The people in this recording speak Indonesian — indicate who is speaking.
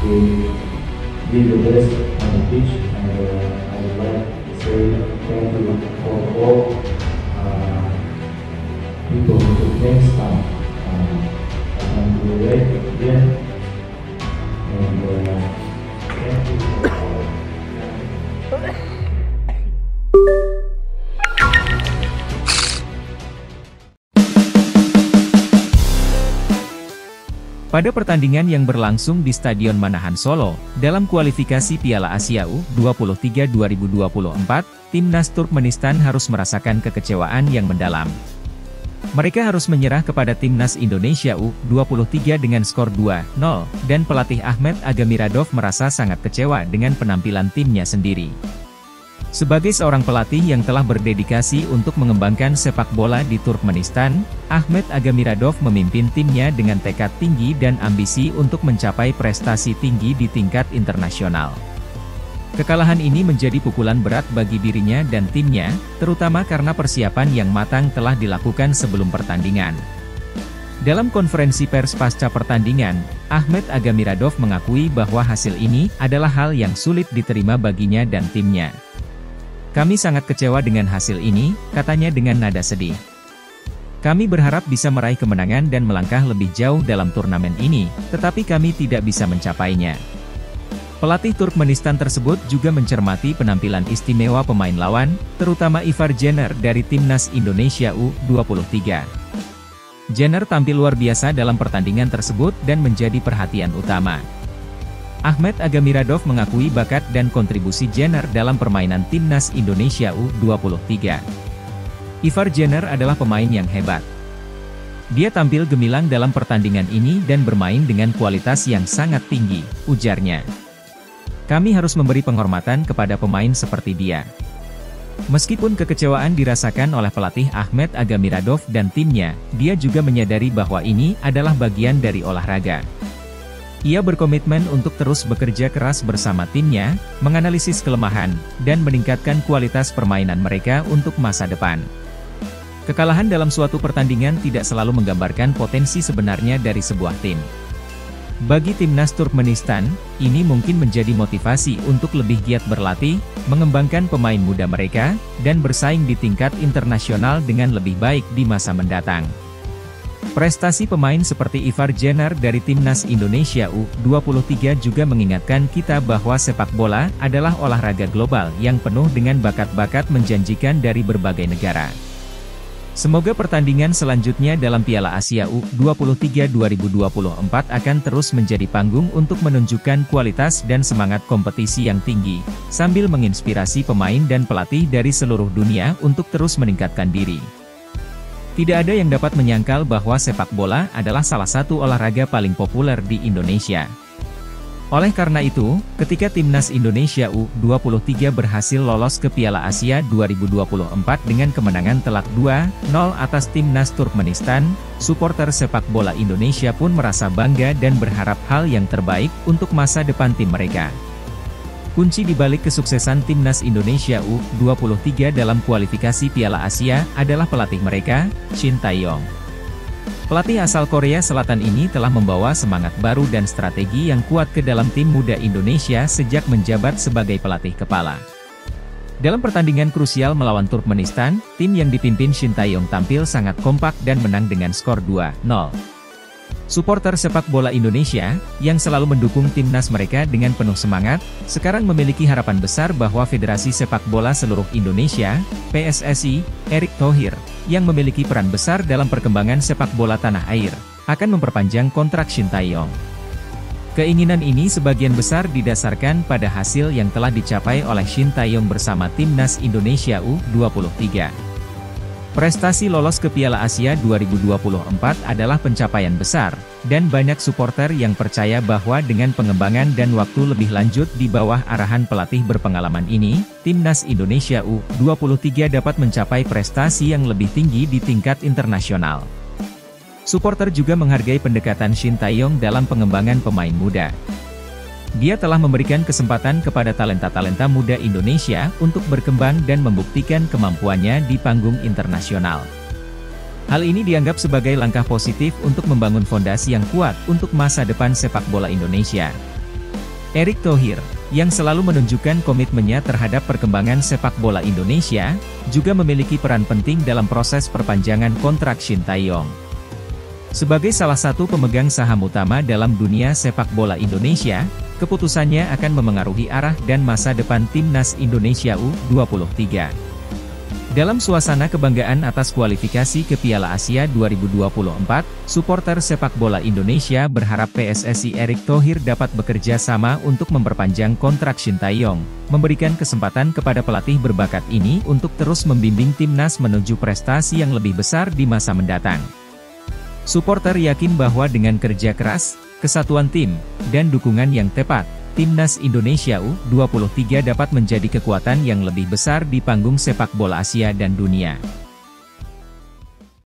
Speaker 1: To be the best on the pitch and uh, I would like to say thank you for all uh, people who came next time. Pada pertandingan yang berlangsung di Stadion Manahan Solo, dalam kualifikasi Piala Asia U23 2024, timnas Turkmenistan harus merasakan kekecewaan yang mendalam. Mereka harus menyerah kepada timnas Indonesia U23 dengan skor 2-0, dan pelatih Ahmed Agamiradov merasa sangat kecewa dengan penampilan timnya sendiri. Sebagai seorang pelatih yang telah berdedikasi untuk mengembangkan sepak bola di Turkmenistan, Ahmed Agamiradov memimpin timnya dengan tekad tinggi dan ambisi untuk mencapai prestasi tinggi di tingkat internasional. Kekalahan ini menjadi pukulan berat bagi dirinya dan timnya, terutama karena persiapan yang matang telah dilakukan sebelum pertandingan. Dalam konferensi pers pasca pertandingan, Ahmed Agamiradov mengakui bahwa hasil ini adalah hal yang sulit diterima baginya dan timnya. Kami sangat kecewa dengan hasil ini, katanya dengan nada sedih. Kami berharap bisa meraih kemenangan dan melangkah lebih jauh dalam turnamen ini, tetapi kami tidak bisa mencapainya. Pelatih Turkmenistan tersebut juga mencermati penampilan istimewa pemain lawan, terutama Ivar Jenner dari Timnas Indonesia U23. Jenner tampil luar biasa dalam pertandingan tersebut dan menjadi perhatian utama. Ahmed Agamiradov mengakui bakat dan kontribusi Jenner dalam permainan timnas Indonesia U23. Ivar Jenner adalah pemain yang hebat. Dia tampil gemilang dalam pertandingan ini dan bermain dengan kualitas yang sangat tinggi, ujarnya. Kami harus memberi penghormatan kepada pemain seperti dia. Meskipun kekecewaan dirasakan oleh pelatih Ahmed Agamiradov dan timnya, dia juga menyadari bahwa ini adalah bagian dari olahraga. Ia berkomitmen untuk terus bekerja keras bersama timnya, menganalisis kelemahan, dan meningkatkan kualitas permainan mereka untuk masa depan. Kekalahan dalam suatu pertandingan tidak selalu menggambarkan potensi sebenarnya dari sebuah tim. Bagi timnas Turkmenistan, ini mungkin menjadi motivasi untuk lebih giat berlatih, mengembangkan pemain muda mereka, dan bersaing di tingkat internasional dengan lebih baik di masa mendatang. Prestasi pemain seperti Ivar Jenner dari Timnas Indonesia U23 juga mengingatkan kita bahwa sepak bola adalah olahraga global yang penuh dengan bakat-bakat menjanjikan dari berbagai negara. Semoga pertandingan selanjutnya dalam Piala Asia U23 2024 akan terus menjadi panggung untuk menunjukkan kualitas dan semangat kompetisi yang tinggi, sambil menginspirasi pemain dan pelatih dari seluruh dunia untuk terus meningkatkan diri. Tidak ada yang dapat menyangkal bahwa sepak bola adalah salah satu olahraga paling populer di Indonesia. Oleh karena itu, ketika Timnas Indonesia U23 berhasil lolos ke Piala Asia 2024 dengan kemenangan telak 2-0 atas Timnas Turkmenistan, supporter sepak bola Indonesia pun merasa bangga dan berharap hal yang terbaik untuk masa depan tim mereka. Kunci dibalik kesuksesan timnas Indonesia U23 dalam kualifikasi Piala Asia adalah pelatih mereka, Shin Tae-yong. Pelatih asal Korea Selatan ini telah membawa semangat baru dan strategi yang kuat ke dalam tim muda Indonesia sejak menjabat sebagai pelatih kepala. Dalam pertandingan krusial melawan Turkmenistan, tim yang dipimpin Shin Tae-yong tampil sangat kompak dan menang dengan skor 2-0. Supporter sepak bola Indonesia, yang selalu mendukung timnas mereka dengan penuh semangat, sekarang memiliki harapan besar bahwa Federasi Sepak Bola Seluruh Indonesia, PSSI, Erick Thohir, yang memiliki peran besar dalam perkembangan sepak bola tanah air, akan memperpanjang kontrak Shin Taeyong. Keinginan ini sebagian besar didasarkan pada hasil yang telah dicapai oleh Shin Taeyong bersama Timnas Indonesia U23. Prestasi lolos ke Piala Asia 2024 adalah pencapaian besar, dan banyak supporter yang percaya bahwa dengan pengembangan dan waktu lebih lanjut di bawah arahan pelatih berpengalaman ini, Timnas Indonesia U23 dapat mencapai prestasi yang lebih tinggi di tingkat internasional. Supporter juga menghargai pendekatan Shin Taeyong dalam pengembangan pemain muda. Dia telah memberikan kesempatan kepada talenta-talenta muda Indonesia untuk berkembang dan membuktikan kemampuannya di panggung internasional. Hal ini dianggap sebagai langkah positif untuk membangun fondasi yang kuat untuk masa depan sepak bola Indonesia. Erick Thohir, yang selalu menunjukkan komitmennya terhadap perkembangan sepak bola Indonesia, juga memiliki peran penting dalam proses perpanjangan kontrak Shin Taeyong. Sebagai salah satu pemegang saham utama dalam dunia sepak bola Indonesia, Keputusannya akan memengaruhi arah dan masa depan timnas Indonesia U23. Dalam suasana kebanggaan atas kualifikasi ke Piala Asia 2024, supporter sepak bola Indonesia berharap PSSI Erick Thohir dapat bekerja sama untuk memperpanjang kontrak Shin Tae-yong, memberikan kesempatan kepada pelatih berbakat ini untuk terus membimbing timnas menuju prestasi yang lebih besar di masa mendatang. Supporter yakin bahwa dengan kerja keras, kesatuan tim, dan dukungan yang tepat, Timnas Indonesia U23 dapat menjadi kekuatan yang lebih besar di panggung sepak bola Asia dan dunia.